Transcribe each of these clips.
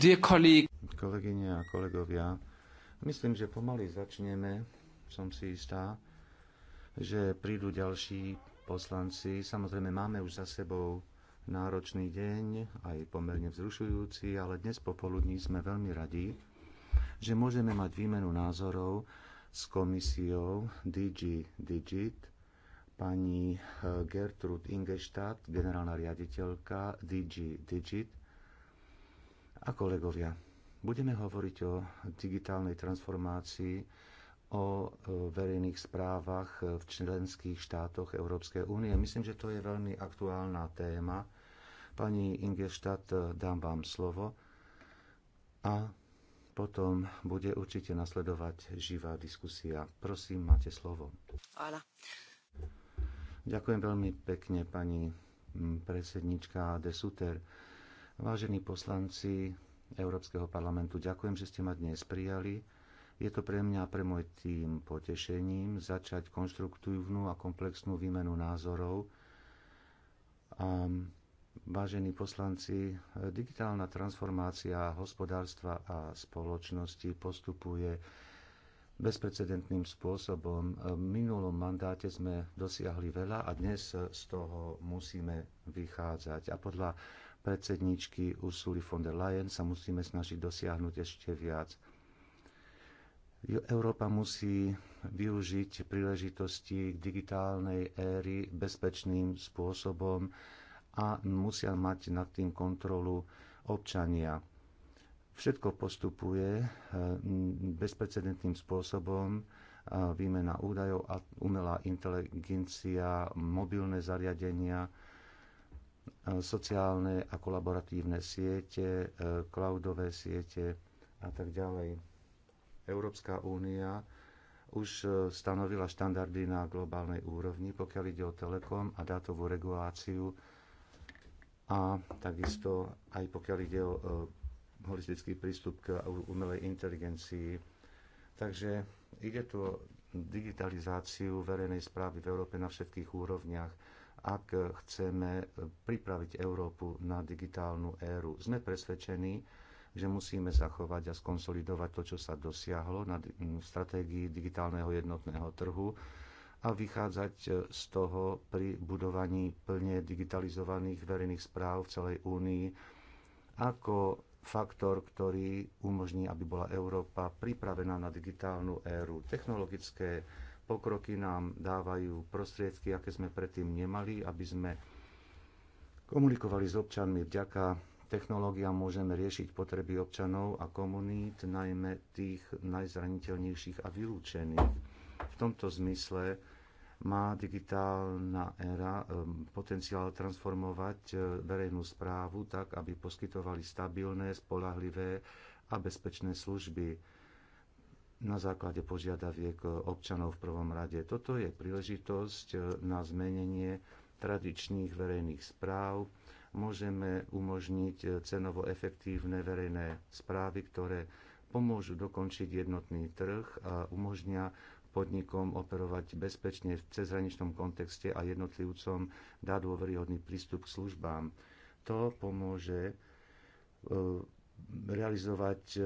Dear colleague. Kolegyne a kolegovia, myslím, že pomaly začneme. Som si istá, že prídu ďalší poslanci. Samozrejme, máme už za sebou náročný deň, aj pomerne vzrušujúci, ale dnes popoludní sme veľmi radi, že môžeme mať výmenu názorov s komisiou DG Digit, pani eh, Gertrud Ingestadt, generálna riaditeľka DG Digit, a kolegovia. Budeme hovoriť o digitálnej transformácii, o e, verejných správach e, v členských štátoch Európskej únie. Myslím, že to je veľmi aktuálna téma. Pani Ingeštát, e, dám vám slovo a potom bude určite nasledovať živá diskusia. Prosím, máte slovo. Áno. Ďakujem veľmi pekne, pani predsednička de Suter. Vážení poslanci Európskeho parlamentu, ďakujem, že ste ma dnes prijali. Je to pre mňa a pre môj tým potešením začať konštruktívnu a komplexnú výmenu názorov. A vážení poslanci, digitálna transformácia hospodárstva a spoločnosti postupuje bezprecedentným spôsobom. V minulom mandáte sme dosiahli veľa a dnes z toho musíme vychádzať. A podľa predsedničky Ursuly von der Leyen sa musíme snažiť dosiahnuť ešte viac. Európa musí využiť príležitosti k digitálnej éry bezpečným spôsobom a musia mať nad tým kontrolu občania. Všetko postupuje e, bezprecedentným spôsobom, e, výmena údajov a umelá inteligencia, mobilné zariadenia, sociálne a kolaboratívne siete, e, cloudové siete a tak ďalej. Európska únia už e, stanovila štandardy na globálnej úrovni, pokiaľ ide o telekom a dátovú reguláciu a takisto aj pokiaľ ide o e, holistický prístup k umelej inteligencii. Takže ide tu o digitalizáciu verejnej správy v Európe na všetkých úrovniach ak chceme pripraviť Európu na digitálnu éru. Sme presvedčení, že musíme zachovať a skonsolidovať to, čo sa dosiahlo na stratégii digitálneho jednotného trhu a vychádzať e, z toho pri budovaní plne digitalizovaných verejných správ v celej únii ako faktor, ktorý umožní, aby bola Európa pripravená na digitálnu éru. Technologické pokroky nám dávajú prostriedky, aké sme predtým nemali, aby sme komunikovali s občanmi. Vďaka technológiám môžeme riešiť potreby občanov a komunít, najmä tých najzraniteľnejších a vylúčených. V tomto zmysle má digitálna éra eh, potenciál transformovať eh, verejnú správu tak, aby poskytovali stabilné, spolahlivé a bezpečné služby na základe požiadaviek občanov v prvom rade. Toto je príležitosť na zmenenie tradičných verejných správ. Môžeme umožniť cenovo efektívne verejné správy, ktoré pomôžu dokončiť jednotný trh a umožnia podnikom operovať bezpečne v cezhraničnom kontexte a jednotlivcom dá dôveryhodný prístup k službám. To pomôže eh, realizovať eh,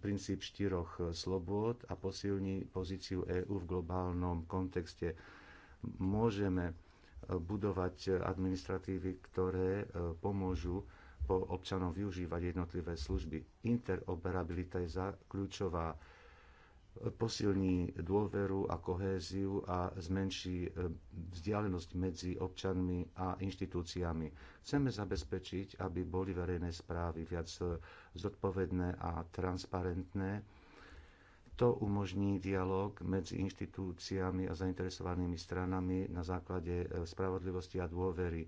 princíp štyroch slobôd a posilní pozíciu EÚ v globálnom kontexte. Môžeme e, budovať administratívy, ktoré e, pomôžu po občanom využívať jednotlivé služby. Interoperabilita je kľúčová posilní dôveru a kohéziu a zmenší e, vzdialenosť medzi občanmi a inštitúciami. Chceme zabezpečiť, aby boli verejné správy viac e, zodpovedné a transparentné. To umožní dialog medzi inštitúciami a zainteresovanými stranami na základe e, spravodlivosti a dôvery.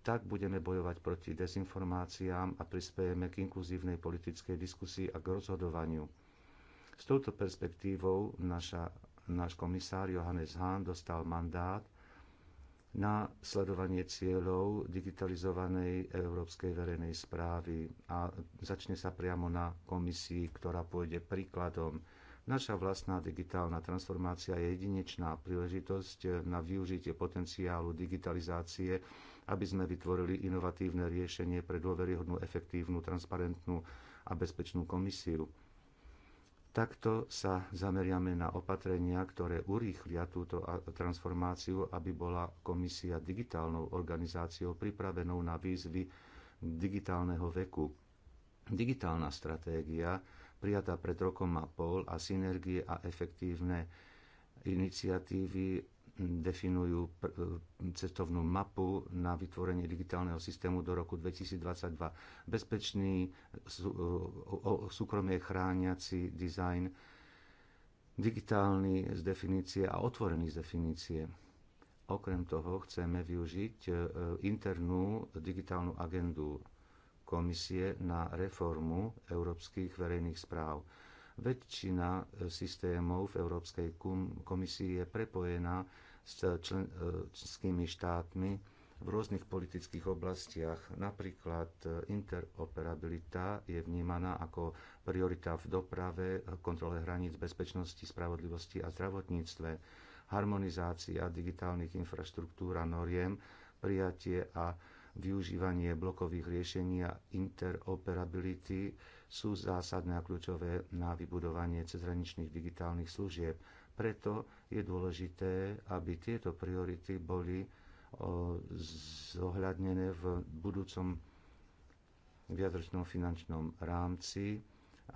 Tak budeme bojovať proti dezinformáciám a prispiejeme k inkluzívnej politickej diskusii a k rozhodovaniu s touto perspektívou naša, náš komisár Johannes Hahn dostal mandát na sledovanie cieľov digitalizovanej európskej verejnej správy a začne sa priamo na komisii, ktorá pôjde príkladom. Naša vlastná digitálna transformácia je jedinečná príležitosť na využitie potenciálu digitalizácie, aby sme vytvorili inovatívne riešenie pre dôveryhodnú, efektívnu, transparentnú a bezpečnú komisiu. Takto sa zameriame na opatrenia, ktoré urýchlia túto transformáciu, aby bola komisia digitálnou organizáciou pripravenou na výzvy digitálneho veku. Digitálna stratégia, prijatá pred rokom a pol, a synergie a efektívne iniciatívy definujú cestovnú mapu na vytvorenie digitálneho systému do roku 2022. Bezpečný, súkromie chrániaci dizajn, digitálny z definície a otvorený z definície. Okrem toho chceme využiť e, internú digitálnu agendu komisie na reformu európskych verejných správ Väčšina e, systémov v Európskej komisii je prepojená s e, členskými štátmi v rôznych politických oblastiach. Napríklad e, interoperabilita je vnímaná ako priorita v doprave, kontrole hraníc, bezpečnosti, spravodlivosti a zdravotníctve, harmonizácia digitálnych infraštruktúr a noriem, prijatie a využívanie blokových riešení a interoperability sú zásadné a kľúčové na vybudovanie cezhraničných digitálnych služieb. Preto je dôležité, aby tieto priority boli zohľadnené v budúcom viadročnom finančnom rámci,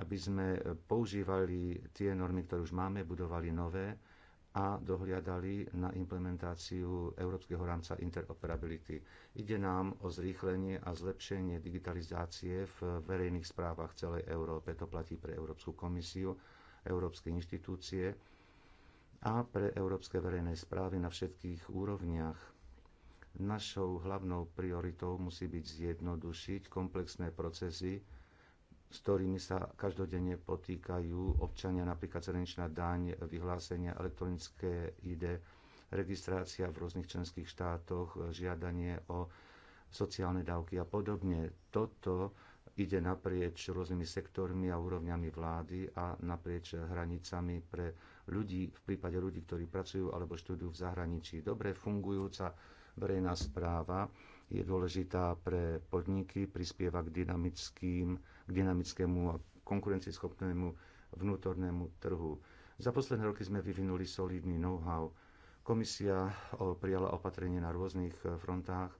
aby sme používali tie normy, ktoré už máme, budovali nové a dohliadali na implementáciu Európskeho rámca interoperability. Ide nám o zrýchlenie a zlepšenie digitalizácie v verejných správach celej Európe. To platí pre Európsku komisiu, európske inštitúcie a pre európske verejné správy na všetkých úrovniach. Našou hlavnou prioritou musí byť zjednodušiť komplexné procesy, s ktorými sa každodenne potýkajú občania, napríklad zrenčná daň, vyhlásenia elektronické ID, registrácia v rôznych členských štátoch, žiadanie o sociálne dávky a podobne. Toto ide naprieč rôznymi sektormi a úrovňami vlády a naprieč hranicami pre ľudí, v prípade ľudí, ktorí pracujú alebo študujú v zahraničí. Dobre fungujúca verejná správa je dôležitá pre podniky, prispieva k dynamickým k dynamickému a konkurencieschopnému vnútornému trhu. Za posledné roky sme vyvinuli solidný know-how. Komisia prijala opatrenie na rôznych e, frontách, e,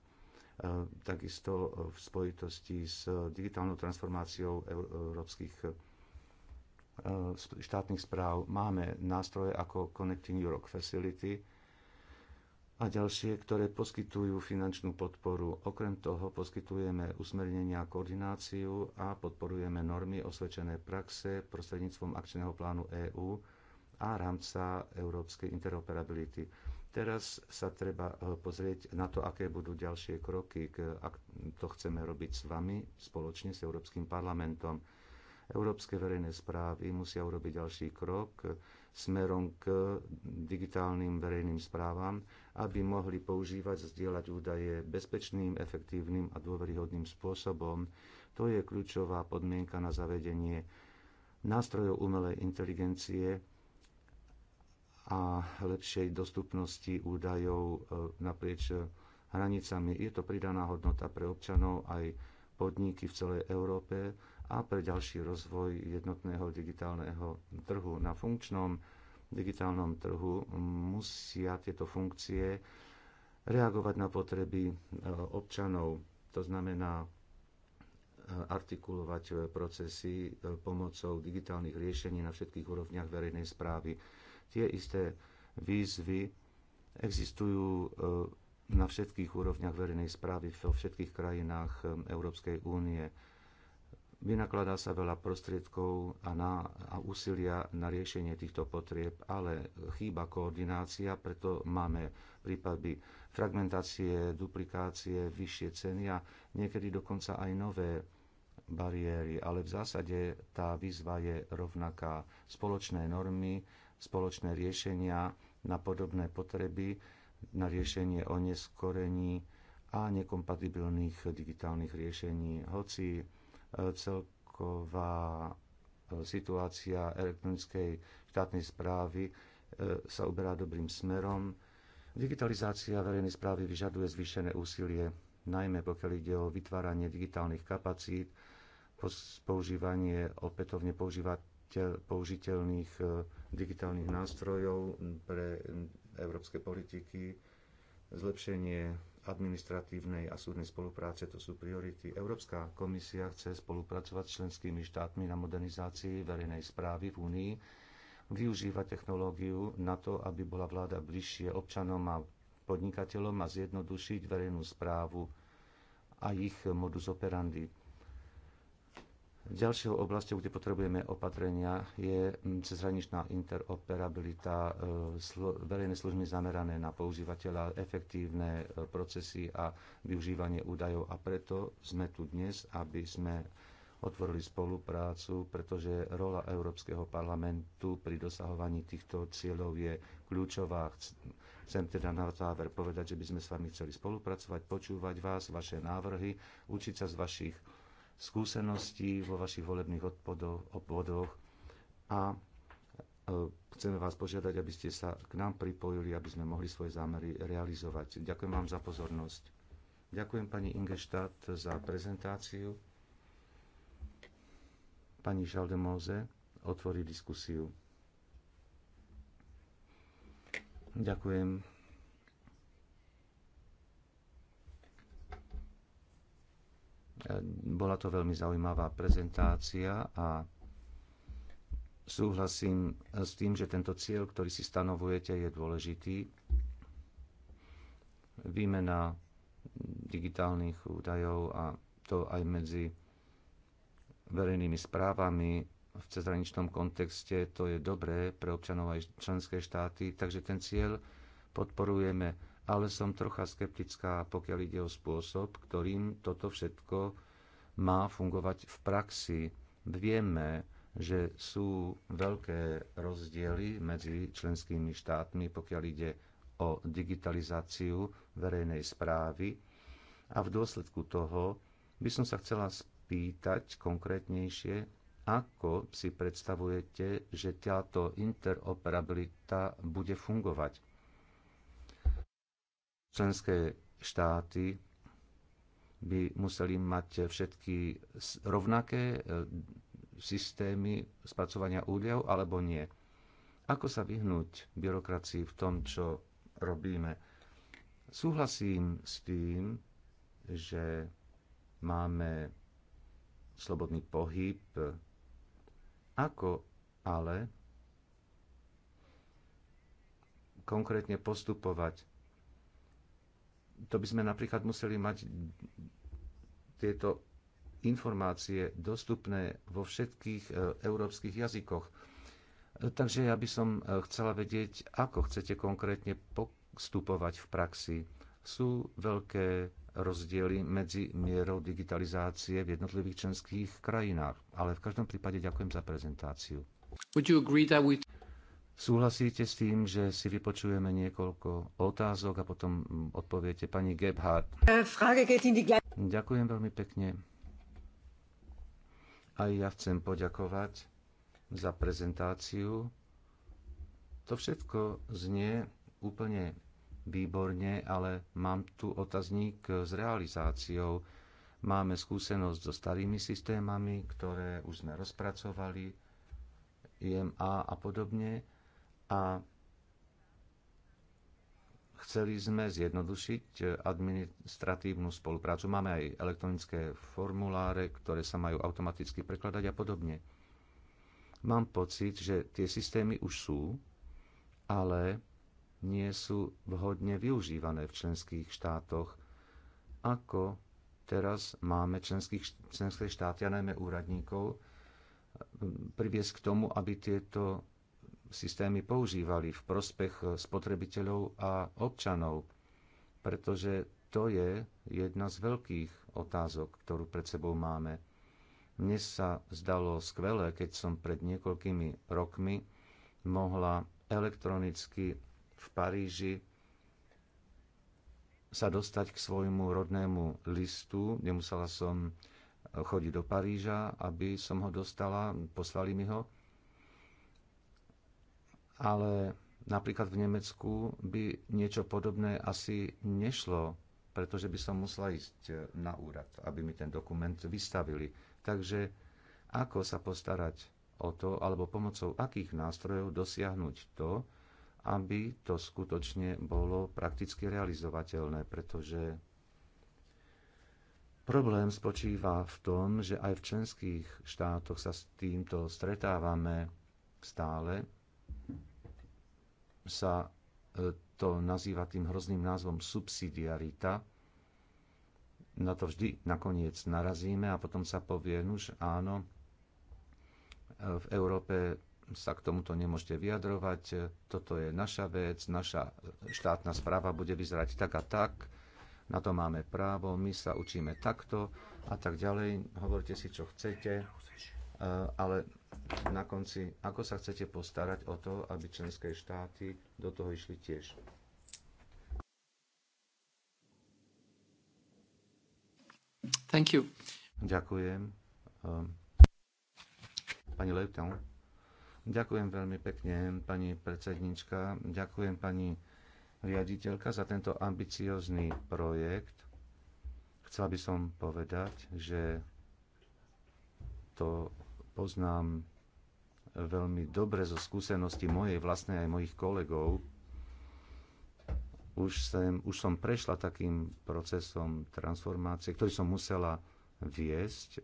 takisto e, v spojitosti s digitálnou transformáciou európskych štátnych správ. Máme nástroje ako Connecting Europe Facility, a ďalšie, ktoré poskytujú finančnú podporu. Okrem toho poskytujeme usmernenia a koordináciu a podporujeme normy osvedčené praxe prostredníctvom akčného plánu EÚ a rámca európskej interoperability. Teraz sa treba eh, pozrieť na to, aké budú ďalšie kroky, ak to chceme robiť s vami spoločne s Európskym parlamentom. Európske verejné správy musia urobiť ďalší krok, smerom k digitálnym verejným správam, aby mohli používať, zdieľať údaje bezpečným, efektívnym a dôveryhodným spôsobom. To je kľúčová podmienka na zavedenie nástrojov umelej inteligencie a lepšej dostupnosti údajov e, naprieč hranicami. Je to pridaná hodnota pre občanov aj podniky v celej Európe a pre ďalší rozvoj jednotného digitálneho trhu. Na funkčnom digitálnom trhu musia tieto funkcie reagovať na potreby e, občanov. To znamená e, artikulovať e, procesy pomocou digitálnych riešení na všetkých úrovniach verejnej správy. Tie isté výzvy existujú na všetkých úrovniach verejnej správy vo všetkých krajinách Európskej únie Vynakladá sa veľa prostriedkov a, na, a úsilia na riešenie týchto potrieb, ale chýba koordinácia, preto máme prípady fragmentácie, duplikácie, vyššie ceny a niekedy dokonca aj nové bariéry. Ale v zásade tá výzva je rovnaká. Spoločné normy, spoločné riešenia na podobné potreby, na riešenie oneskorení a nekompatibilných digitálnych riešení. Hoci celková e, situácia elektronickej štátnej správy e, sa uberá dobrým smerom. Digitalizácia verejnej správy vyžaduje zvýšené úsilie, najmä pokiaľ ide o vytváranie digitálnych kapacít, používanie opätovne použiteľných e, digitálnych nástrojov pre európske politiky, zlepšenie administratívnej a súdnej spolupráce, to sú priority. Európska komisia chce spolupracovať s členskými štátmi na modernizácii verejnej správy v Únii, využívať technológiu na to, aby bola vláda bližšie občanom a podnikateľom a zjednodušiť verejnú správu a ich modus operandi. Ďalšou oblasťou, kde potrebujeme opatrenia, je mm, cezhraničná interoperabilita, e, verejné služby zamerané na používateľa, efektívne e, procesy a využívanie údajov. A preto sme tu dnes, aby sme otvorili spoluprácu, pretože rola Európskeho parlamentu pri dosahovaní týchto cieľov je kľúčová. Chcem teda na záver povedať, že by sme s vami chceli spolupracovať, počúvať vás, vaše návrhy, učiť sa z vašich Skúsenosti vo vašich volebných obvodoch a e, chceme vás požiadať, aby ste sa k nám pripojili, aby sme mohli svoje zámery realizovať. Ďakujem vám za pozornosť. Ďakujem pani Ingeštát za prezentáciu. Pani Žaldemóze otvorí diskusiu. Ďakujem Bola to veľmi zaujímavá prezentácia a súhlasím s tým, že tento cieľ, ktorý si stanovujete, je dôležitý. Výmena digitálnych údajov a to aj medzi verejnými správami v cezhraničnom kontexte, to je dobré pre občanov aj členské štáty, takže ten cieľ podporujeme ale som trocha skeptická, pokiaľ ide o spôsob, ktorým toto všetko má fungovať v praxi. Vieme, že sú veľké rozdiely medzi členskými štátmi, pokiaľ ide o digitalizáciu verejnej správy. A v dôsledku toho by som sa chcela spýtať konkrétnejšie, ako si predstavujete, že táto interoperabilita bude fungovať členské štáty by museli mať všetky rovnaké e, systémy spracovania údajov alebo nie. Ako sa vyhnúť byrokracii v tom, čo robíme? Súhlasím s tým, že máme slobodný pohyb, ako ale konkrétne postupovať to by sme napríklad museli mať tieto informácie dostupné vo všetkých e, európskych jazykoch. E, takže ja by som e, chcela vedieť, ako chcete konkrétne postupovať v praxi. Sú veľké rozdiely medzi mierou digitalizácie v jednotlivých členských krajinách, ale v každom prípade ďakujem za prezentáciu. Would you agree that we... Súhlasíte s tým, že si vypočujeme niekoľko otázok a potom odpoviete pani Gebhardt. Eh, Ďakujem veľmi pekne. Aj ja chcem poďakovať za prezentáciu. To všetko znie úplne výborne, ale mám tu otazník s realizáciou. Máme skúsenosť so starými systémami, ktoré už sme rozpracovali, IMA a podobne a chceli sme zjednodušiť eh, administratívnu spoluprácu. Máme aj elektronické formuláre, ktoré sa majú automaticky prekladať a podobne. Mám pocit, že tie systémy už sú, ale nie sú vhodne využívané v členských štátoch, ako teraz máme členských, členské štáty a najmä úradníkov eh, priviesť k tomu, aby tieto systémy používali v prospech spotrebiteľov a občanov, pretože to je jedna z veľkých otázok, ktorú pred sebou máme. Mne sa zdalo skvelé, keď som pred niekoľkými rokmi mohla elektronicky v Paríži sa dostať k svojmu rodnému listu. Nemusela som chodiť do Paríža, aby som ho dostala, poslali mi ho ale napríklad v Nemecku by niečo podobné asi nešlo, pretože by som musela ísť e, na úrad, aby mi ten dokument vystavili. Takže ako sa postarať o to, alebo pomocou akých nástrojov dosiahnuť to, aby to skutočne bolo prakticky realizovateľné, pretože problém spočíva v tom, že aj v členských štátoch sa s týmto stretávame stále sa e, to nazýva tým hrozným názvom subsidiarita. Na to vždy nakoniec narazíme a potom sa povie, nuž áno, e, v Európe sa k tomuto nemôžete vyjadrovať, e, toto je naša vec, naša štátna správa bude vyzerať tak a tak, na to máme právo, my sa učíme takto a tak ďalej, hovorte si, čo chcete, ale na konci, ako sa chcete postarať o to, aby členské štáty do toho išli tiež? Thank you. Ďakujem. Ehm, pani Leuton. Ďakujem veľmi pekne, pani predsednička. Ďakujem pani riaditeľka za tento ambiciózny projekt. Chcela by som povedať, že to poznám veľmi dobre zo skúsenosti mojej vlastnej aj mojich kolegov. Už som, už som prešla takým procesom transformácie, ktorý som musela viesť.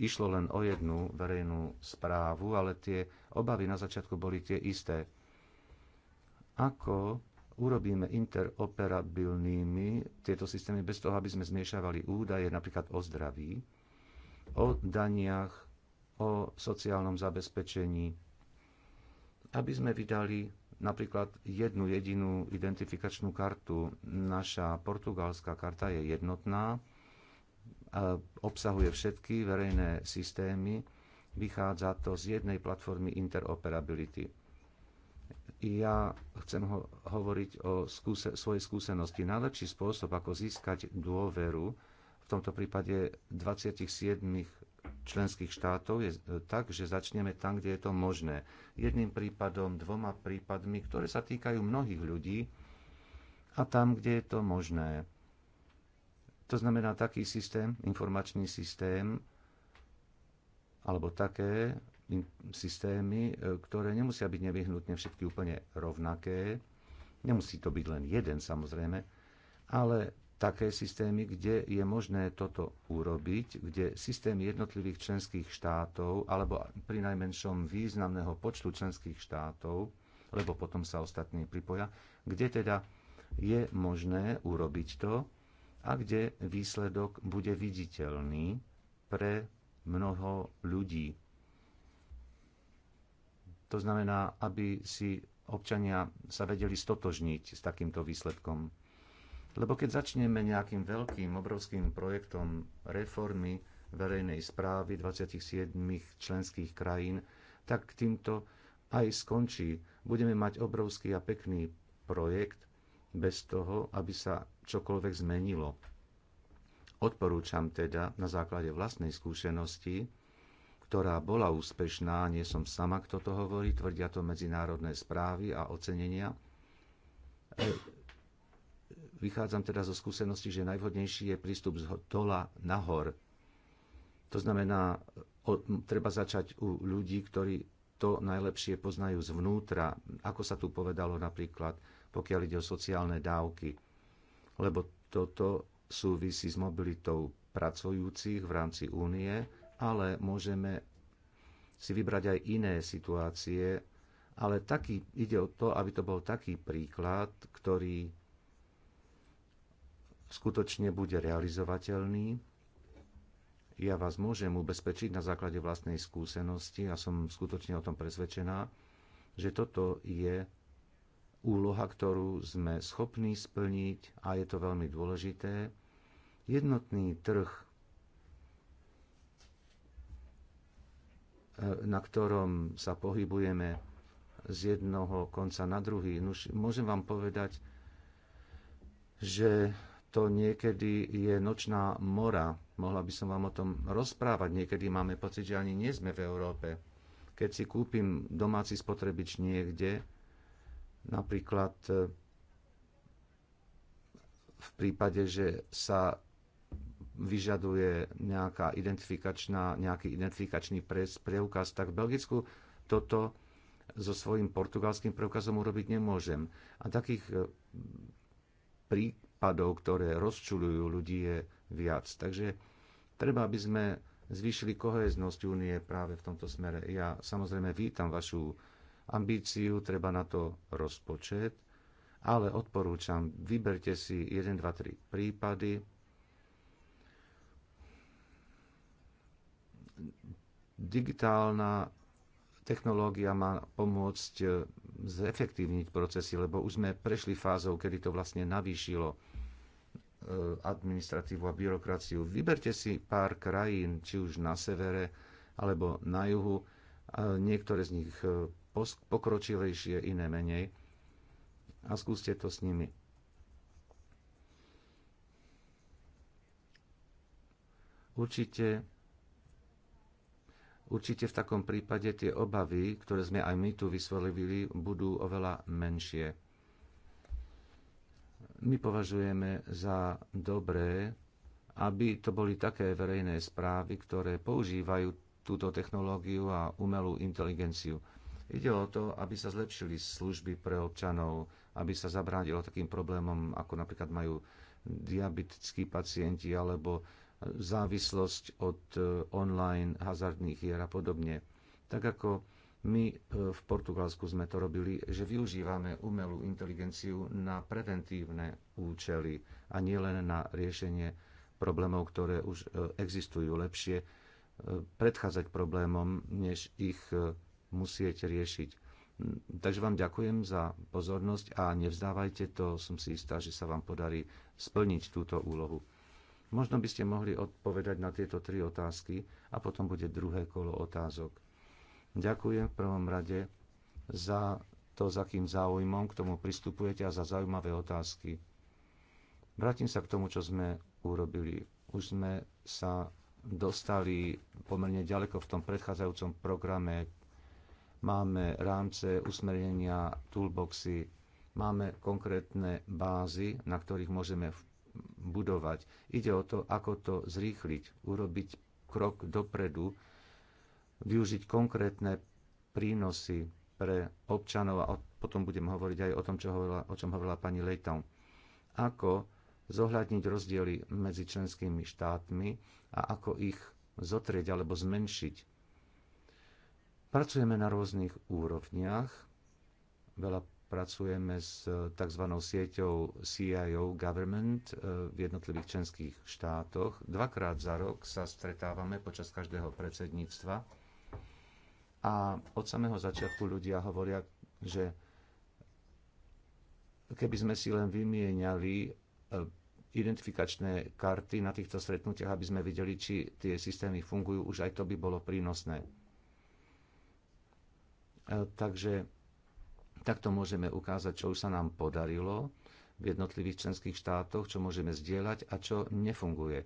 Išlo len o jednu verejnú správu, ale tie obavy na začiatku boli tie isté. Ako urobíme interoperabilnými tieto systémy bez toho, aby sme zmiešavali údaje napríklad o zdraví, o daniach, o sociálnom zabezpečení, aby sme vydali napríklad jednu jedinú identifikačnú kartu. Naša portugalská karta je jednotná, e, obsahuje všetky verejné systémy, vychádza to z jednej platformy interoperability. Ja chcem ho- hovoriť o skúse- svojej skúsenosti. Najlepší spôsob, ako získať dôveru, v tomto prípade 27 členských štátov je e, tak, že začneme tam, kde je to možné. Jedným prípadom, dvoma prípadmi, ktoré sa týkajú mnohých ľudí a tam, kde je to možné. To znamená taký systém, informačný systém, alebo také systémy, e, ktoré nemusia byť nevyhnutne všetky úplne rovnaké. Nemusí to byť len jeden samozrejme, ale také systémy, kde je možné toto urobiť, kde systém jednotlivých členských štátov alebo pri najmenšom významného počtu členských štátov, lebo potom sa ostatní pripoja, kde teda je možné urobiť to a kde výsledok bude viditeľný pre mnoho ľudí. To znamená, aby si občania sa vedeli stotožniť s takýmto výsledkom lebo keď začneme nejakým veľkým, obrovským projektom reformy verejnej správy 27 členských krajín, tak týmto aj skončí. Budeme mať obrovský a pekný projekt bez toho, aby sa čokoľvek zmenilo. Odporúčam teda na základe vlastnej skúsenosti, ktorá bola úspešná, nie som sama, kto to hovorí, tvrdia to medzinárodné správy a ocenenia, Vychádzam teda zo skúsenosti, že najvhodnejší je prístup z dola nahor. To znamená, o, treba začať u ľudí, ktorí to najlepšie poznajú zvnútra, ako sa tu povedalo napríklad, pokiaľ ide o sociálne dávky. Lebo toto súvisí s mobilitou pracujúcich v rámci únie, ale môžeme si vybrať aj iné situácie, ale taký, ide o to, aby to bol taký príklad, ktorý skutočne bude realizovateľný. Ja vás môžem ubezpečiť na základe vlastnej skúsenosti a som skutočne o tom presvedčená, že toto je úloha, ktorú sme schopní splniť a je to veľmi dôležité. Jednotný trh, e, na ktorom sa pohybujeme z jednoho konca na druhý. môžem vám povedať, že to niekedy je nočná mora. Mohla by som vám o tom rozprávať. Niekedy máme pocit, že ani nie sme v Európe. Keď si kúpim domáci spotrebič niekde, napríklad e, v prípade, že sa vyžaduje nejaká identifikačná, nejaký identifikačný preukaz, tak v Belgicku toto so svojím portugalským preukazom urobiť nemôžem. A takých e, prí, odpadov, ktoré rozčulujú ľudí, je viac. Takže treba, aby sme zvýšili koheznosť únie práve v tomto smere. Ja samozrejme vítam vašu ambíciu, treba na to rozpočet, ale odporúčam, vyberte si 1, 2, 3 prípady. Digitálna technológia má pomôcť zefektívniť procesy, lebo už sme prešli fázou, kedy to vlastne navýšilo Eh, administratívu a byrokraciu. Vyberte si pár krajín, či už na severe alebo na juhu, niektoré z nich eh, pokročilejšie, iné menej a skúste to s nimi. Určite, určite v takom prípade tie obavy, ktoré sme aj my tu vyslovili, budú oveľa menšie my považujeme za dobré, aby to boli také verejné správy, ktoré používajú túto technológiu a umelú inteligenciu. Ide o to, aby sa zlepšili služby pre občanov, aby sa zabránilo takým problémom, ako napríklad majú diabetickí pacienti alebo závislosť od eh, online hazardných hier a podobne. Tak ako my e, v Portugalsku sme to robili, že využívame umelú inteligenciu na preventívne účely a nielen na riešenie problémov, ktoré už e, existujú lepšie, e, predchádzať problémom, než ich musieť riešiť. Hm, takže vám ďakujem za pozornosť a nevzdávajte to, som si istá, že sa vám podarí splniť túto úlohu. Možno by ste mohli odpovedať na tieto tri otázky a potom bude druhé kolo otázok. Ďakujem v prvom rade za to, za akým záujmom k tomu pristupujete a za zaujímavé otázky. Vrátim sa k tomu, čo sme urobili. Už sme sa dostali pomerne ďaleko v tom predchádzajúcom programe. Máme rámce, usmerenia, toolboxy, máme konkrétne bázy, na ktorých môžeme budovať. Ide o to, ako to zrýchliť, urobiť krok dopredu využiť konkrétne prínosy pre občanov a potom budem hovoriť aj o tom, čo hovorila, o čom hovorila pani Leighton. Ako zohľadniť rozdiely medzi členskými štátmi a ako ich zotrieť alebo zmenšiť. Pracujeme na rôznych úrovniach. Veľa pracujeme s tzv. sieťou CIO Government e, v jednotlivých členských štátoch. Dvakrát za rok sa stretávame počas každého predsedníctva a od samého začiatku ľudia hovoria, že keby sme si len vymieniali e, identifikačné karty na týchto stretnutiach, aby sme videli, či tie systémy fungujú, už aj to by bolo prínosné. E, takže takto môžeme ukázať, čo už sa nám podarilo v jednotlivých členských štátoch, čo môžeme zdieľať a čo nefunguje.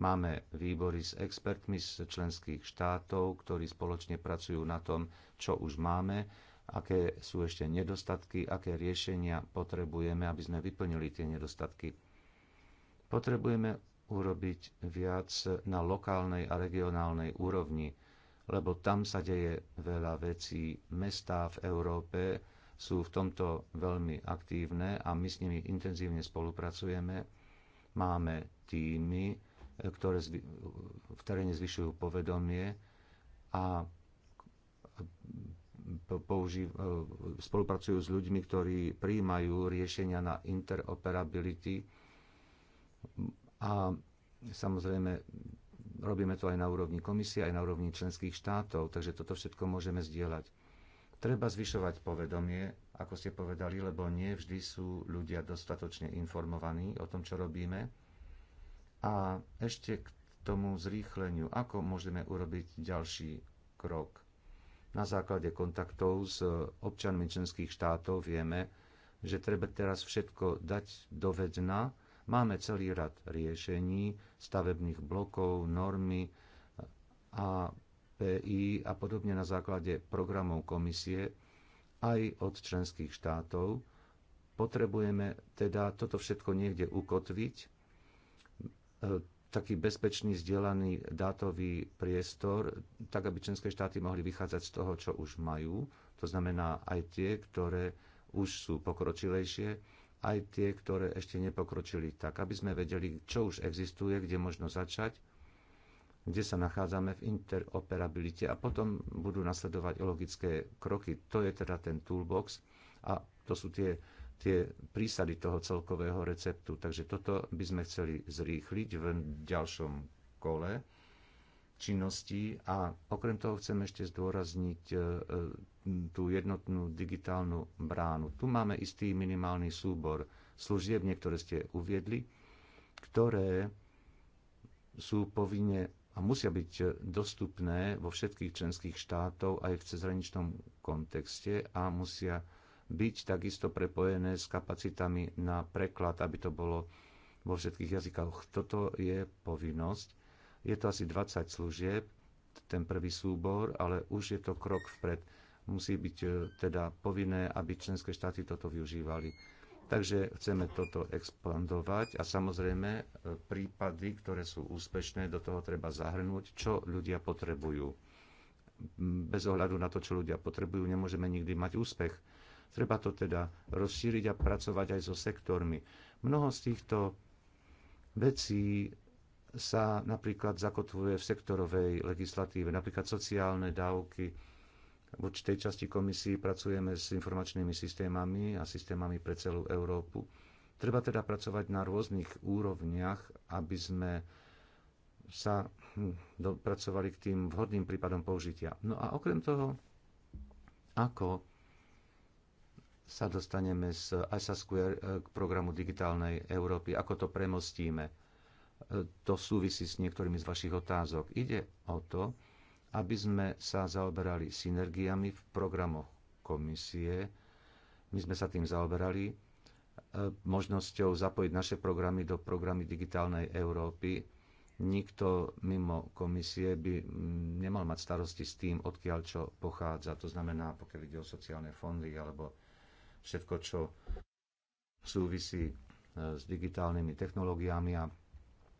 Máme výbory s expertmi z členských štátov, ktorí spoločne pracujú na tom, čo už máme, aké sú ešte nedostatky, aké riešenia potrebujeme, aby sme vyplnili tie nedostatky. Potrebujeme urobiť viac na lokálnej a regionálnej úrovni, lebo tam sa deje veľa vecí. Mestá v Európe sú v tomto veľmi aktívne a my s nimi intenzívne spolupracujeme. Máme týmy, ktoré v teréne zvyšujú povedomie a použív, e, spolupracujú s ľuďmi, ktorí prijímajú riešenia na interoperability a samozrejme robíme to aj na úrovni komisie, aj na úrovni členských štátov, takže toto všetko môžeme zdieľať. Treba zvyšovať povedomie, ako ste povedali, lebo nie vždy sú ľudia dostatočne informovaní o tom, čo robíme a ešte k tomu zrýchleniu, ako môžeme urobiť ďalší krok. Na základe kontaktov s občanmi členských štátov vieme, že treba teraz všetko dať do vedna. Máme celý rad riešení, stavebných blokov, normy a PI a podobne na základe programov komisie aj od členských štátov. Potrebujeme teda toto všetko niekde ukotviť E, taký bezpečný, zdieľaný dátový priestor, tak aby členské štáty mohli vychádzať z toho, čo už majú. To znamená aj tie, ktoré už sú pokročilejšie, aj tie, ktoré ešte nepokročili, tak aby sme vedeli, čo už existuje, kde možno začať, kde sa nachádzame v interoperabilite a potom budú nasledovať logické kroky. To je teda ten toolbox a to sú tie tie prísady toho celkového receptu. Takže toto by sme chceli zrýchliť v ďalšom kole činností a okrem toho chcem ešte zdôrazniť e, e, tú jednotnú digitálnu bránu. Tu máme istý minimálny súbor služieb, niektoré ste uviedli, ktoré sú povinne a musia byť dostupné vo všetkých členských štátov aj v cezhraničnom kontexte a musia byť takisto prepojené s kapacitami na preklad, aby to bolo vo všetkých jazykoch. Toto je povinnosť. Je to asi 20 služieb, ten prvý súbor, ale už je to krok vpred. Musí byť e, teda povinné, aby členské štáty toto využívali. Takže chceme toto expandovať a samozrejme e, prípady, ktoré sú úspešné, do toho treba zahrnúť, čo ľudia potrebujú. Bez ohľadu na to, čo ľudia potrebujú, nemôžeme nikdy mať úspech Treba to teda rozšíriť a pracovať aj so sektormi. Mnoho z týchto vecí sa napríklad zakotvuje v sektorovej legislatíve, napríklad sociálne dávky. V určitej časti komisii pracujeme s informačnými systémami a systémami pre celú Európu. Treba teda pracovať na rôznych úrovniach, aby sme sa dopracovali k tým vhodným prípadom použitia. No a okrem toho, ako sa dostaneme z ISA Square eh, k programu digitálnej Európy, ako to premostíme. Eh, to súvisí s niektorými z vašich otázok. Ide o to, aby sme sa zaoberali synergiami v programoch komisie. My sme sa tým zaoberali eh, možnosťou zapojiť naše programy do programy digitálnej Európy. Nikto mimo komisie by mm, nemal mať starosti s tým, odkiaľ čo pochádza. To znamená, pokiaľ ide o sociálne fondy alebo všetko, čo súvisí e, s digitálnymi technológiami a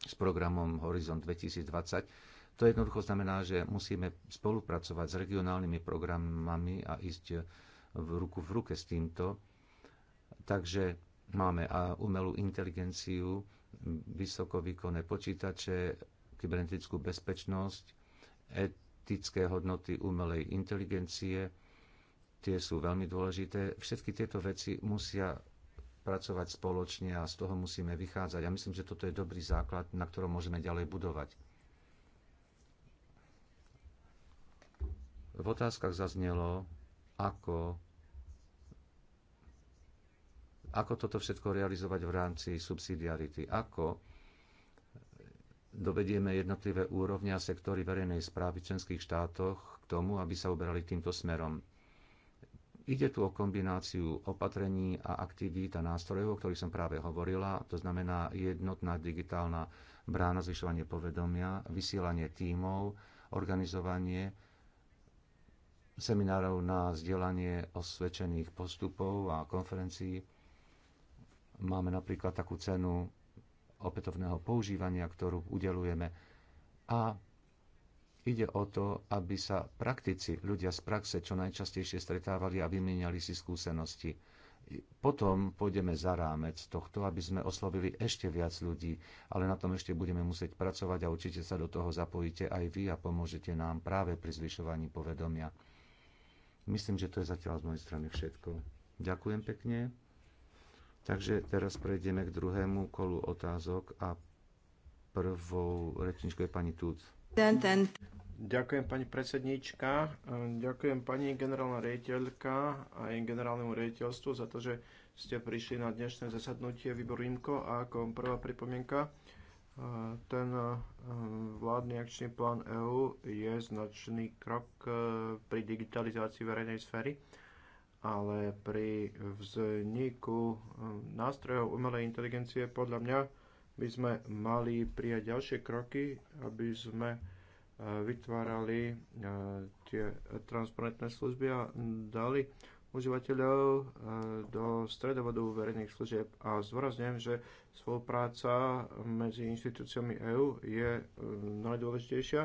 s programom Horizon 2020. To jednoducho znamená, že musíme spolupracovať s regionálnymi programami a ísť e, v ruku v ruke s týmto. Takže máme a umelú inteligenciu, vysokovýkonné počítače, kybernetickú bezpečnosť, etické hodnoty umelej inteligencie, tie sú veľmi dôležité. Všetky tieto veci musia pracovať spoločne a z toho musíme vychádzať. A myslím, že toto je dobrý základ, na ktorom môžeme ďalej budovať. V otázkach zaznelo, ako, ako toto všetko realizovať v rámci subsidiarity. Ako dovedieme jednotlivé úrovne a sektory verejnej správy v členských štátoch k tomu, aby sa uberali týmto smerom. Ide tu o kombináciu opatrení a aktivít a nástrojov, o ktorých som práve hovorila, to znamená jednotná digitálna brána, zvyšovanie povedomia, vysielanie tímov, organizovanie seminárov na zdieľanie osvedčených postupov a konferencií. Máme napríklad takú cenu opätovného používania, ktorú udelujeme a Ide o to, aby sa praktici, ľudia z praxe čo najčastejšie stretávali a vymieniali si skúsenosti. Potom pôjdeme za rámec tohto, aby sme oslovili ešte viac ľudí, ale na tom ešte budeme musieť pracovať a určite sa do toho zapojíte aj vy a pomôžete nám práve pri zvyšovaní povedomia. Myslím, že to je zatiaľ z mojej strany všetko. Ďakujem pekne. Takže teraz prejdeme k druhému kolu otázok a prvou rečničkou je pani Tuc. Ďakujem pani predsedníčka, e, ďakujem pani generálna rejiteľka a aj generálnemu rejiteľstvu za to, že ste prišli na dnešné zasadnutie výboru IMKO a ako prvá pripomienka, e, ten e, vládny akčný plán EÚ je značný krok pri digitalizácii verejnej sféry, ale pri vzniku nástrojov umelej inteligencie podľa mňa by sme mali prijať ďalšie kroky, aby sme e, vytvárali e, tie transparentné služby a dali užívateľov e, do stredovodu verejných služieb. A zvorazňujem, že spolupráca medzi inštitúciami EÚ je najdôležitejšia,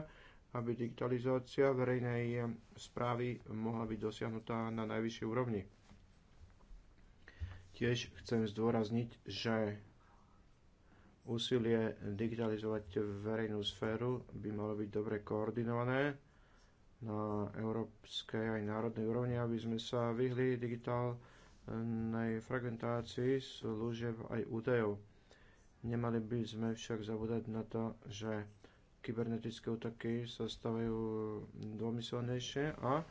aby digitalizácia verejnej správy mohla byť dosiahnutá na najvyššej úrovni. Tiež chcem zdôrazniť, že úsilie digitalizovať verejnú sféru by malo byť dobre koordinované na európskej aj národnej úrovni, aby sme sa vyhli digitálnej fragmentácii služieb aj údajov. Nemali by sme však zabúdať na to, že kybernetické útoky sa stavajú dvomyselnejšie a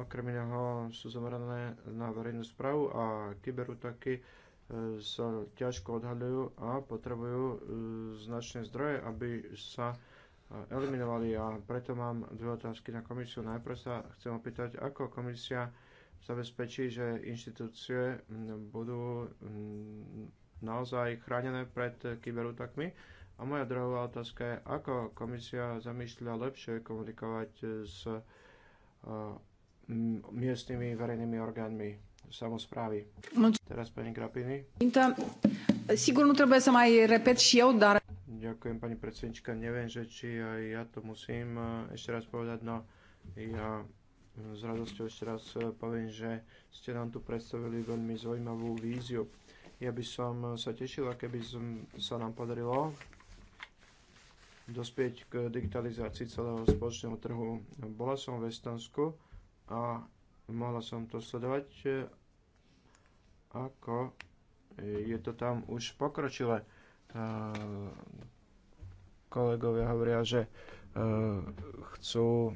okrem iného sú zamerané na verejnú správu a kyberútoky sa ťažko odhaľujú a potrebujú e, značné zdroje, aby sa e, eliminovali a preto mám dve otázky na komisiu. Najprv sa chcem opýtať, ako komisia zabezpečí, že inštitúcie budú naozaj chránené pred kyberútakmi. A moja druhá otázka je, ako komisia zamýšľa lepšie komunikovať s e, miestnymi verejnými orgánmi samosprávy. Teraz pani Grapiny. repet și eu, dar... Ďakujem, pani predsednička. Neviem, že či aj ja to musím e, ešte raz povedať, no ja e, s radosťou ešte raz e, poviem, že ste nám tu predstavili veľmi zaujímavú víziu. Ja by som sa tešil, keby sa nám podarilo dospieť k digitalizácii celého spoločného trhu. Bola som v Estonsku a mohla som to sledovať ako e, je to tam už pokročilé. E, kolegovia hovoria, že e, chcú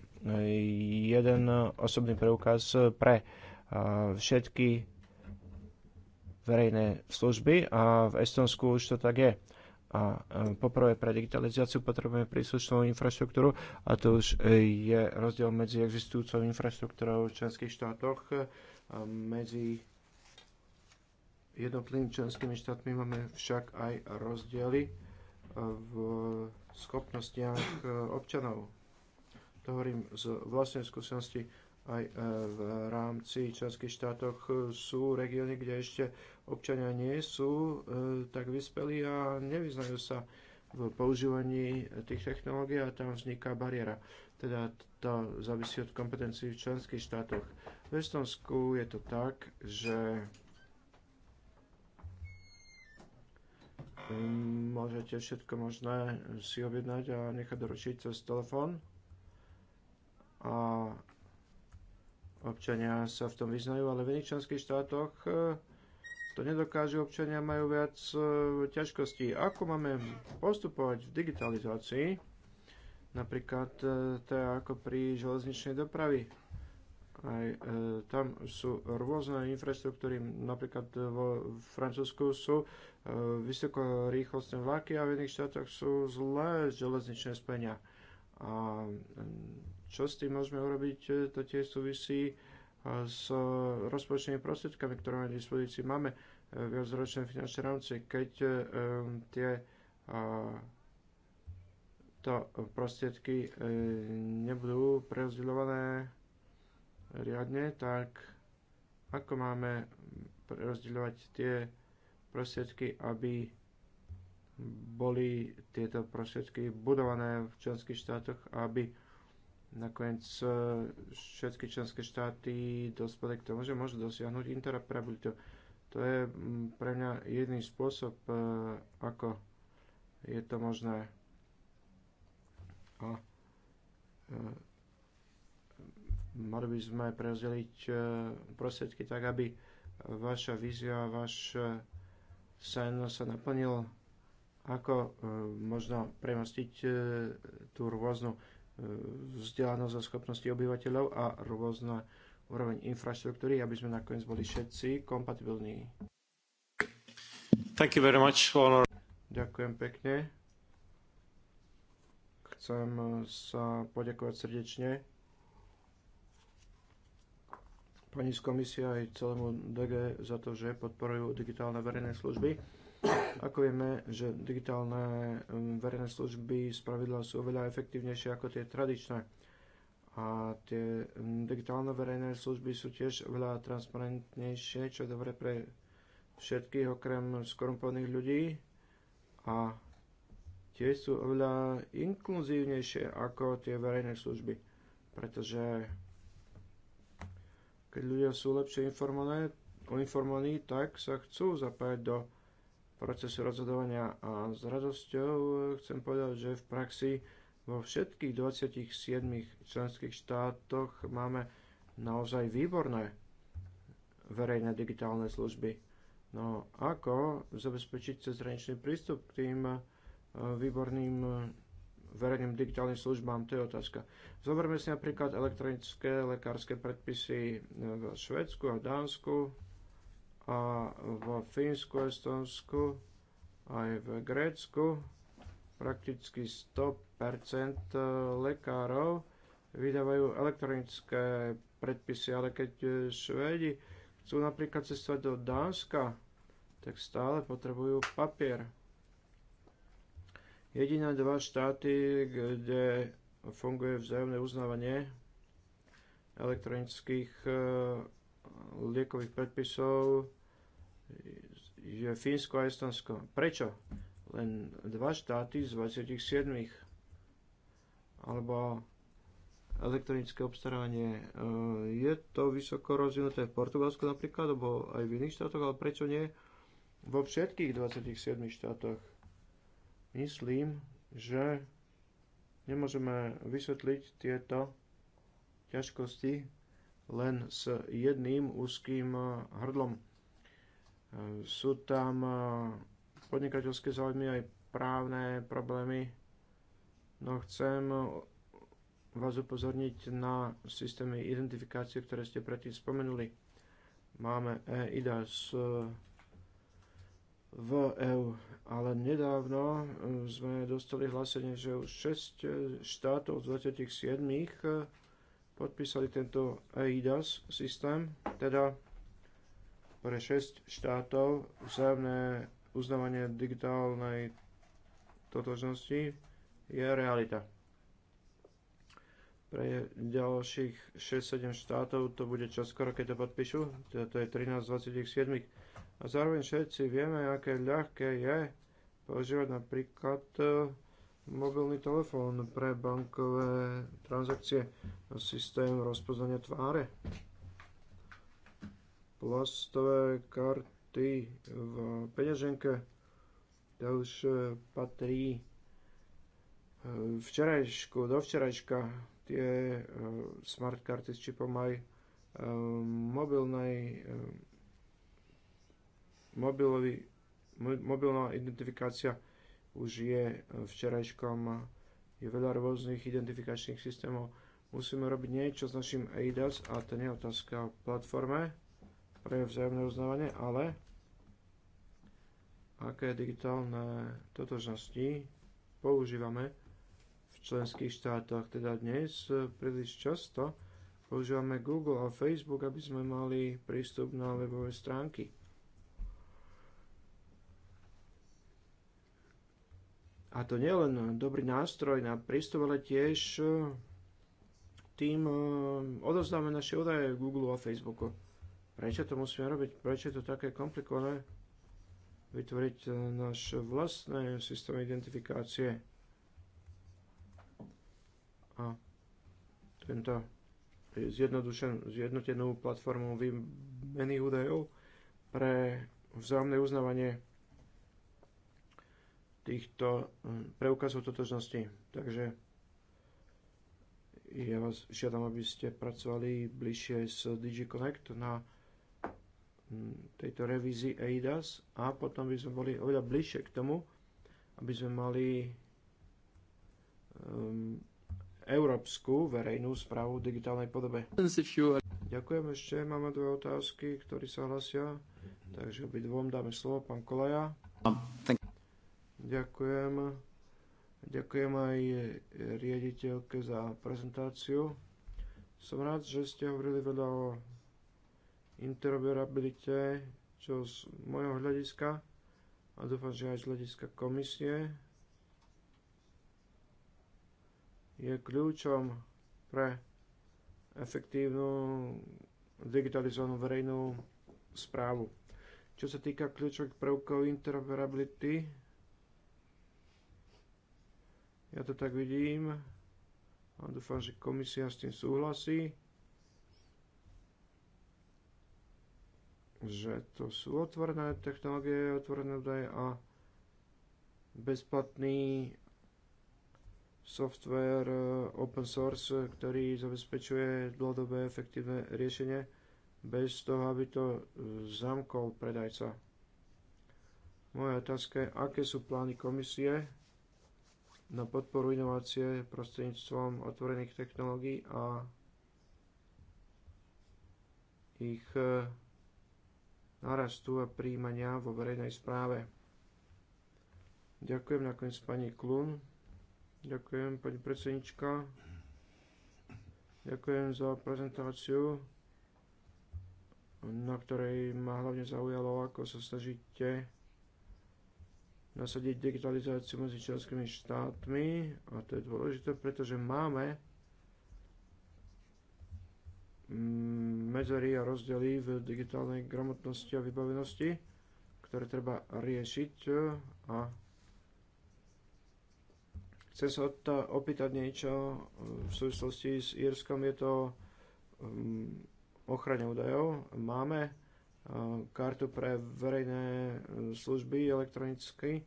jeden osobný preukaz pre všetky verejné služby a v Estonsku už to tak je. A poprvé pre digitalizáciu potrebujeme príslušnú infraštruktúru a to už je rozdiel medzi existujúcou infraštruktúrou v členských štátoch a medzi jednotlivými členskými štátmi máme však aj rozdiely v schopnostiach e, občanov. To hovorím z vlastnej skúsenosti aj e, v rámci členských štátov sú regióny, kde ešte občania nie sú e, tak vyspelí a nevyznajú sa v používaní tých technológií a tam vzniká bariéra. Teda to závisí od kompetencií v členských štátoch. V Estonsku je to tak, že môžete všetko možné si objednať a nechať doručiť cez telefón. A občania sa v tom vyznajú, ale v iných členských štátoch eh, to nedokážu, občania majú viac eh, ťažkostí. Ako máme postupovať v digitalizácii? Napríklad eh, to je ako pri železničnej dopravy aj e, tam sú rôzne infraštruktúry, napríklad e, vo Francúzsku sú e, vysokorýchlostné vlaky a v iných štátoch sú zlé železničné spenia. A čo s tým môžeme urobiť, e, to tiež súvisí e, s rozpočtovými prostriedkami, ktoré máme v dispozícii. Máme viacročné finančné rámce, keď tie to prostriedky nebudú prerozdeľované riadne, tak ako máme rozdeľovať tie prostriedky, aby boli tieto prostriedky budované v členských štátoch, aby nakoniec e, všetky členské štáty dospeli k tomu, že môžu dosiahnuť interoperabilitu. To je pre mňa jedný spôsob, e, ako je to možné. A e, Mali by sme prezdeliť e, prostriedky tak, aby vaša vízia, váš e, sen sa naplnil. Ako e, možno premostiť tú rôznu vzdelanosť a schopnosti obyvateľov a rôzna úroveň infraštruktúry, aby sme nakoniec boli všetci kompatibilní. Thank you very much, honor. Ďakujem pekne. Chcem sa poďakovať srdečne pani z komisie aj celému DG za to, že podporujú digitálne verejné služby. Ako vieme, že digitálne um, verejné služby z pravidla sú oveľa efektívnejšie ako tie tradičné. A tie um, digitálne verejné služby sú tiež oveľa transparentnejšie, čo je dobre pre všetkých okrem skorumpovaných ľudí. A tiež sú oveľa inkluzívnejšie ako tie verejné služby, pretože keď ľudia sú lepšie informovaní, tak sa chcú zapájať do procesu rozhodovania a s radosťou chcem povedať, že v praxi vo všetkých 27 členských štátoch máme naozaj výborné verejné digitálne služby. No ako zabezpečiť cezhraničný prístup k tým e, výborným verejným digitálnym službám, to je otázka. Zoberme si napríklad elektronické lekárske predpisy v Švedsku a Dánsku a v Fínsku, Estonsku aj v Grécku. Prakticky 100% lekárov vydávajú elektronické predpisy, ale keď Švédi chcú napríklad cestovať do Dánska, tak stále potrebujú papier. Jediné dva štáty, kde funguje vzájomné uznávanie elektronických e, liekových predpisov, je Fínsko a Estonsko. Prečo? Len dva štáty z 27. Alebo elektronické obstarávanie. E, je to vysoko rozvinuté v Portugalsku napríklad, alebo aj v iných štátoch, ale prečo nie vo všetkých 27 štátoch? Myslím, že nemôžeme vysvetliť tieto ťažkosti len s jedným úzkým e, hrdlom. E, sú tam e, podnikateľské záujmy aj právne problémy, no chcem vás upozorniť na systémy identifikácie, ktoré ste predtým spomenuli. Máme EIDAS, v EÚ. Ale nedávno e, sme dostali hlásenie, že už 6 e, štátov z 27 e, podpísali tento EIDAS systém, teda pre 6 štátov vzájomné uznávanie digitálnej totožnosti je realita. Pre ďalších 6-7 štátov to bude skoro, keď to podpíšu, teda to je 13 27 a zároveň všetci vieme, aké ľahké je používať napríklad e, mobilný telefón pre bankové transakcie a systém rozpoznania tváre. Plastové karty v peňaženke to už e, patrí e, včerajšku, do včerajška tie smart karty s čipom aj mobilnej mobilový, mobilná identifikácia už je e, včerajškom, e, je veľa rôznych identifikačných systémov. Musíme robiť niečo s našim ADAS a to nie je otázka o platforme pre vzájomné uznávanie, ale aké digitálne totožnosti používame v členských štátoch. Teda dnes e, príliš často používame Google a Facebook, aby sme mali prístup na webové stránky A to nie len dobrý nástroj na prístup, ale tiež e, tým e, odozdáme naše údaje Google a Facebooku. Prečo to musíme robiť? Prečo je to také komplikované? Vytvoriť naše vlastné systémy identifikácie. A tento zjednotenú platformu výmeny údajov pre vzájomné uznávanie týchto hm, preukazov totožnosti. Takže ja vás žiadam, aby ste pracovali bližšie s DigiConnect na hm, tejto revízii EIDAS a potom by sme boli oveľa bližšie k tomu, aby sme mali um, európsku verejnú správu v digitálnej podobe. Ďakujem ešte, máme dve otázky, ktoré sa hlasia, takže obidvom dáme slovo, pán Kolaja. Um, Ďakujem. Ďakujem aj riaditeľke za prezentáciu. Som rád, že ste hovorili veľa o interoperabilite, čo z môjho hľadiska a dúfam, že aj z hľadiska komisie je kľúčom pre efektívnu digitalizovanú verejnú správu. Čo sa týka kľúčových prvkov interoperability, ja to tak vidím a dúfam, že komisia s tým súhlasí, že to sú otvorené technológie, otvorené údaje a bezplatný software eh, open source, ktorý zabezpečuje dlhodobé efektívne riešenie bez toho, aby to eh, zamkol predajca. Moja otázka je, aké sú plány komisie na podporu inovácie prostredníctvom otvorených technológií a ich e, narastu a príjmania vo verejnej správe. Ďakujem nakoniec pani Klun. Ďakujem pani predsednička. Ďakujem za prezentáciu, na ktorej ma hlavne zaujalo, ako sa snažíte nasadiť digitalizáciu medzi členskými štátmi a to je dôležité, pretože máme mm, medzery a rozdiely v digitálnej gramotnosti a vybavenosti, ktoré treba riešiť e, a chcem sa opýtať niečo e, v súvislosti s Írskom, je to mm, ochrane údajov. Máme kartu pre verejné e, služby elektronicky,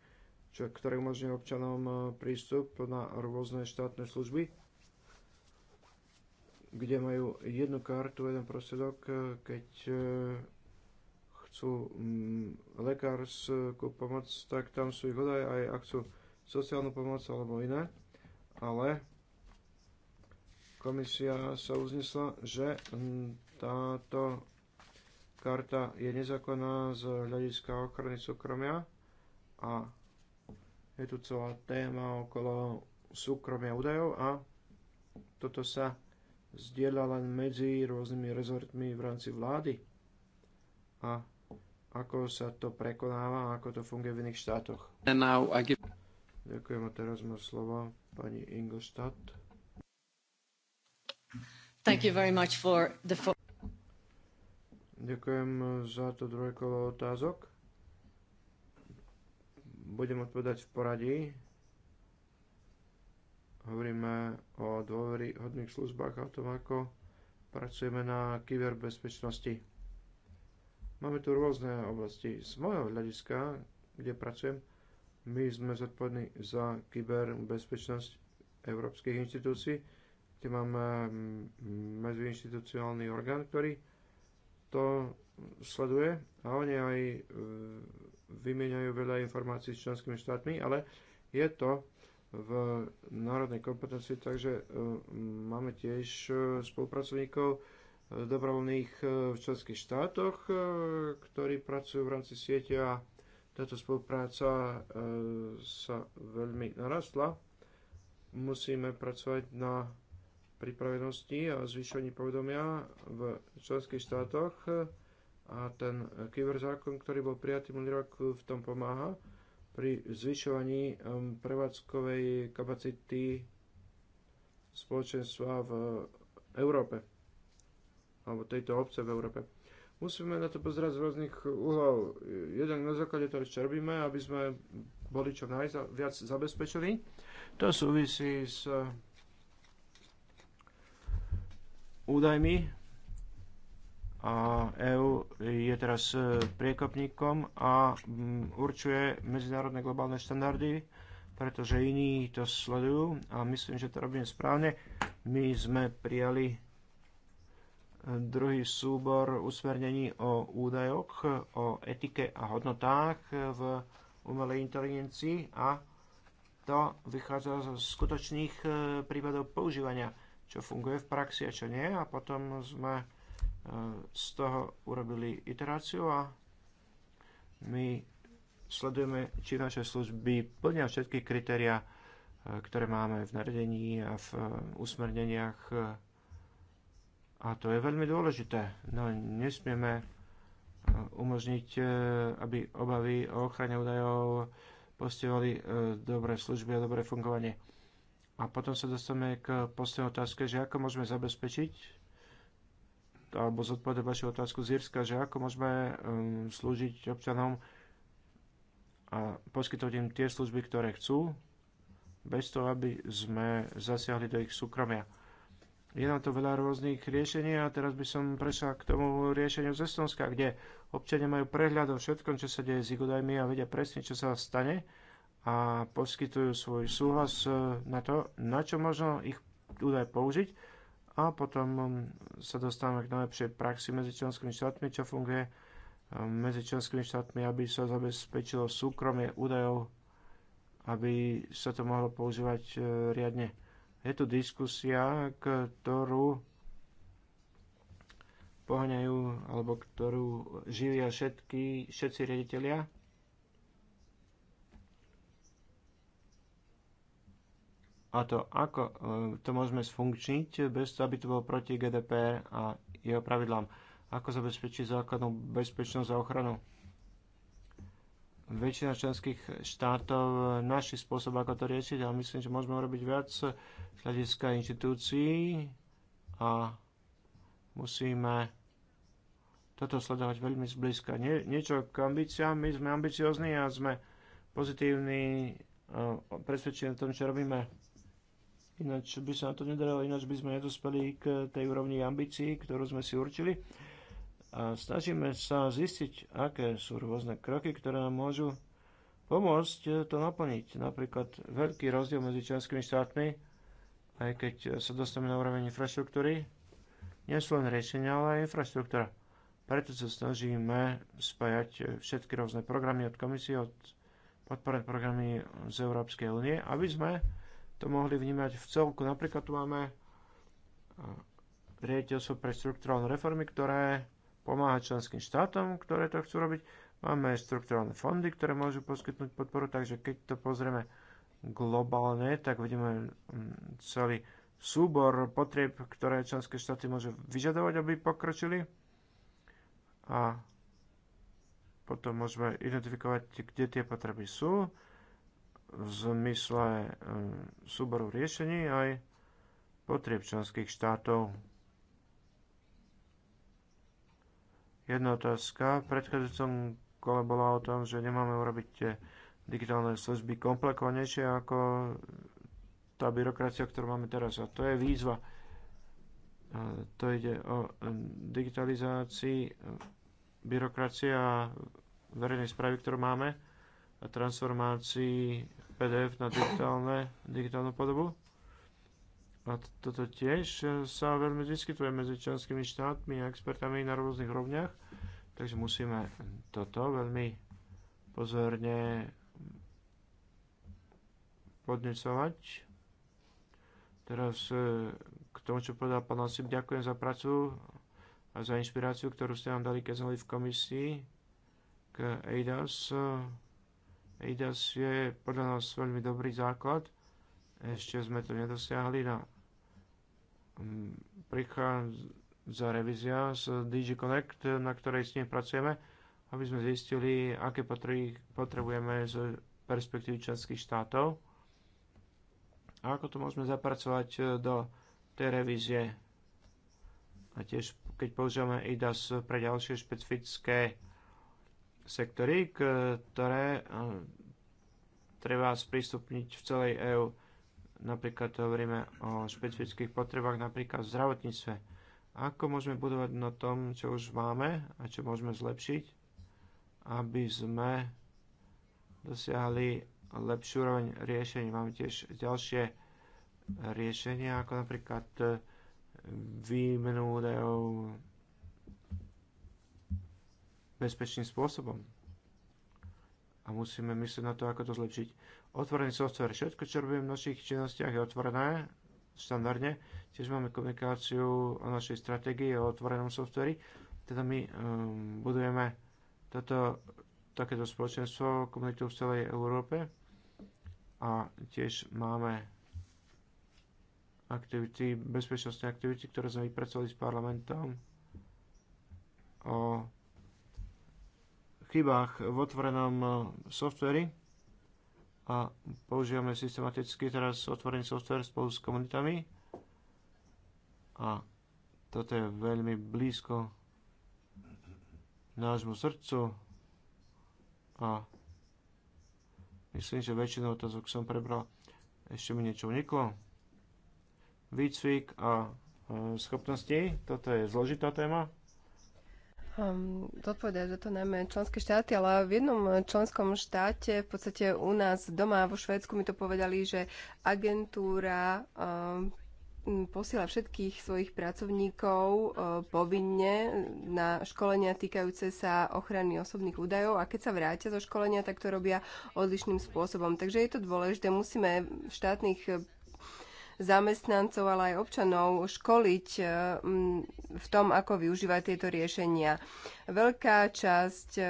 čo, ktoré umožňuje občanom e, prístup na rôzne štátne služby, kde majú jednu kartu, jeden prostriedok, e, keď chcú mm, lekárskú pomoc, tak tam sú ich údaje, aj ak chcú sociálnu pomoc alebo iné. Ale komisia sa uznesla, že mm, táto karta je nezákonná z hľadiska ochrany súkromia a je tu celá téma okolo súkromia údajov a toto sa zdieľa len medzi rôznymi rezortmi v rámci vlády a ako sa to prekonáva a ako to funguje v iných štátoch. Give... Ďakujem a teraz má slovo pani Ingolstadt. Thank you very much for the Ďakujem za to druhé kolo otázok. Budem odpovedať v poradí. Hovoríme o dôveryhodných službách a o tom, ako pracujeme na kyberbezpečnosti. Máme tu rôzne oblasti. Z môjho hľadiska, kde pracujem, my sme zodpovední za kyberbezpečnosť európskych inštitúcií, kde máme medziinstitucionálny orgán, ktorý to sleduje a oni aj e, vymieňajú veľa informácií s členskými štátmi, ale je to v národnej kompetencii, takže e, máme tiež e, spolupracovníkov dobrovoľných v členských štátoch, ktorí pracujú v rámci siete a táto spolupráca sa veľmi narastla. Musíme pracovať na pripravenosti a zvyšovaní povedomia v členských štátoch a ten zákon, ktorý bol prijatý minulý rok, v tom pomáha pri zvyšovaní um, prevádzkovej kapacity spoločenstva v Európe alebo tejto obce v Európe. Musíme na to pozerať z rôznych uhlov. Jeden na základe toho, čo robíme, aby sme boli čo najviac zabezpečili. To súvisí s údajmi a EÚ je teraz e, priekopníkom a určuje medzinárodné globálne štandardy, pretože iní to sledujú a myslím, že to robíme správne. My sme prijali e, druhý súbor usmernení o údajoch, o etike a hodnotách v umelej inteligencii a to vychádza zo skutočných e, prípadov používania čo funguje v praxi a čo nie. A potom sme e, z toho urobili iteráciu a my sledujeme, či naše služby plnia všetky kritéria, e, ktoré máme v nariadení a v e, usmerneniach. A to je veľmi dôležité. No nesmieme umožniť, aby obavy o ochrane údajov postihovali dobré služby a dobré fungovanie a potom sa dostaneme k poslednej otázke, že ako môžeme zabezpečiť alebo zodpovedať vašu otázku z Jirska, že ako môžeme um, slúžiť občanom a poskytovať im tie služby, ktoré chcú, bez toho, aby sme zasiahli do ich súkromia. Je na to veľa rôznych riešení a teraz by som prešla k tomu riešeniu z Estonska, kde občania majú prehľad o všetkom, čo sa deje s Igodajmi a vedia presne, čo sa stane a poskytujú svoj súhlas e, na to, na čo možno ich údaj použiť a potom sa dostávame k najlepšej praxi medzi členskými štátmi, čo funguje e, medzi členskými štátmi, aby sa zabezpečilo súkromie údajov, aby sa to mohlo používať e, riadne. Je tu diskusia, ktorú poháňajú, alebo ktorú živia všetky, všetci riaditeľia a to, ako e, to môžeme sfunkčniť bez toho, aby to bolo proti GDPR a jeho pravidlám. Ako zabezpečiť základnú bezpečnosť a ochranu? Väčšina členských štátov naši spôsob, ako to riešiť, ale myslím, že môžeme urobiť viac z hľadiska inštitúcií a musíme toto sledovať veľmi zblízka. Nie, niečo k ambíciám, my sme ambiciozni a sme pozitívni, e, presvedčení o tom, čo robíme Ináč by sa na to nedalo, ináč by sme nedospeli k tej úrovni ambícií, ktorú sme si určili. A snažíme sa zistiť, aké sú rôzne kroky, ktoré nám môžu pomôcť to naplniť. Napríklad veľký rozdiel medzi členskými štátmi, aj keď sa dostaneme na úroveň infraštruktúry, nie sú len riešenia, ale aj infraštruktúra. Preto sa snažíme spájať všetky rôzne programy od komisie, od podporné programy z Európskej únie, aby sme to mohli vnímať v celku. Napríklad tu máme riaditeľstvo pre štruktúralne reformy, ktoré pomáha členským štátom, ktoré to chcú robiť. Máme štruktúralne fondy, ktoré môžu poskytnúť podporu, takže keď to pozrieme globálne, tak vidíme mm, celý súbor potrieb, ktoré členské štáty môžu vyžadovať, aby pokročili. A potom môžeme identifikovať, kde tie potreby sú v zmysle um, súboru riešení aj potrieb členských štátov. Jedna otázka v predchádzajúcom kole bola o tom, že nemáme urobiť eh, digitálne služby komplikovanejšie ako tá byrokracia, ktorú máme teraz. A to je výzva. To ide o eh, digitalizácii byrokracie a verejnej správy, ktorú máme a transformácii PDF na digitálne, digitálnu podobu. A toto tiež e, sa veľmi vyskytuje medzi členskými štátmi a expertami na rôznych rovniach, takže musíme toto veľmi pozorne podnesovať. Teraz e, k tomu, čo povedal pán Osip, ďakujem za prácu a za inšpiráciu, ktorú ste nám dali, keď sme v komisii k EIDAS. IDAS je podľa nás veľmi dobrý základ. Ešte sme to nedosiahli. No. Prichádza revízia z DG Connect, na ktorej s ním pracujeme, aby sme zistili, aké potreby potrebujeme z perspektívy členských štátov a ako to môžeme zapracovať eh, do tej revízie. A tiež, keď používame IDAS pre ďalšie špecifické sektory, ktoré eh, treba sprístupniť v celej EÚ. Napríklad hovoríme o špecifických potrebách napríklad v zdravotníctve. Ako môžeme budovať na tom, čo už máme a čo môžeme zlepšiť, aby sme dosiahli lepšiu úroveň riešení. Máme tiež ďalšie riešenia, ako napríklad eh, výmenu údajov, bezpečným spôsobom. A musíme myslieť na to, ako to zlepšiť. Otvorený software, všetko, čo robíme v našich činnostiach, je otvorené štandardne. Tiež máme komunikáciu o našej stratégii, o otvorenom softveri. Teda my um, budujeme toto, takéto spoločenstvo, komunitu v celej Európe. A tiež máme aktivity, bezpečnostné aktivity, ktoré sme vypracovali s parlamentom o chybách v otvorenom eh, softveri a používame systematicky teraz otvorený software spolu s komunitami a toto je veľmi blízko nášmu srdcu a myslím, že väčšinu otázok som prebral. Ešte mi niečo uniklo. Výcvik a eh, schopnosti, toto je zložitá téma um, ehm, zodpovedať za to najmä členské štáty, ale v jednom členskom štáte, v podstate u nás doma vo Švédsku mi to povedali, že agentúra um, posiela všetkých svojich pracovníkov e, povinne na školenia týkajúce sa ochrany osobných údajov a keď sa vrátia zo školenia, tak to robia odlišným spôsobom. Takže je to dôležité. Musíme v štátnych zamestnancov, ale aj občanov školiť eh, v tom, ako využívať tieto riešenia. Veľká časť eh,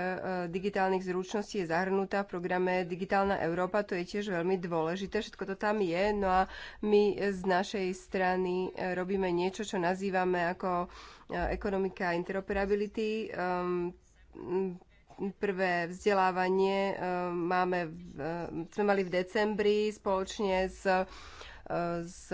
digitálnych zručností je zahrnutá v programe Digitálna Európa, to je tiež veľmi dôležité, všetko to tam je, no a my z našej strany eh, robíme niečo, čo nazývame ako ekonomika interoperability, ehm, prvé vzdelávanie máme, sme mali v decembri spoločne s s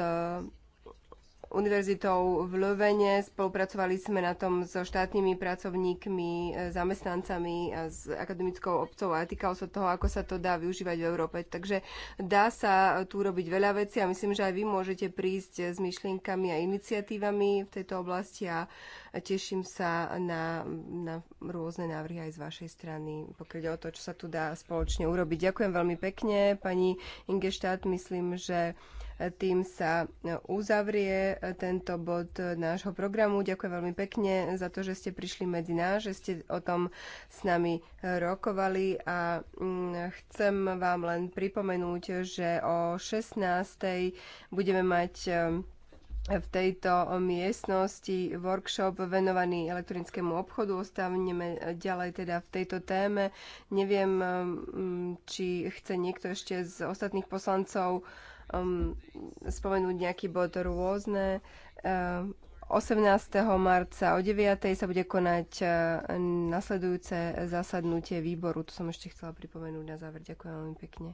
univerzitou v Lovene spolupracovali sme na tom so štátnymi pracovníkmi, zamestnancami a s akademickou obcov a týkalo sa toho, ako sa to dá využívať v Európe. Takže dá sa tu robiť veľa vecí a myslím, že aj vy môžete prísť s myšlienkami a iniciatívami v tejto oblasti a teším sa na, na rôzne návrhy aj z vašej strany, pokiaľ o to, čo sa tu dá spoločne urobiť. Ďakujem veľmi pekne, pani Ingeštát, myslím, že tým sa uzavrie tento bod nášho programu. Ďakujem veľmi pekne za to, že ste prišli medzi nás, že ste o tom s nami rokovali a mm, chcem vám len pripomenúť, že o 16.00 budeme mať e, v tejto miestnosti workshop venovaný elektronickému obchodu. Ostávneme ďalej teda v tejto téme. Neviem, e, či chce niekto ešte z ostatných poslancov um, spomenúť nejaký bod rôzne. Um, 18. marca o 9. sa bude konať uh, nasledujúce zasadnutie výboru. To som ešte chcela pripomenúť na záver. Ďakujem veľmi pekne.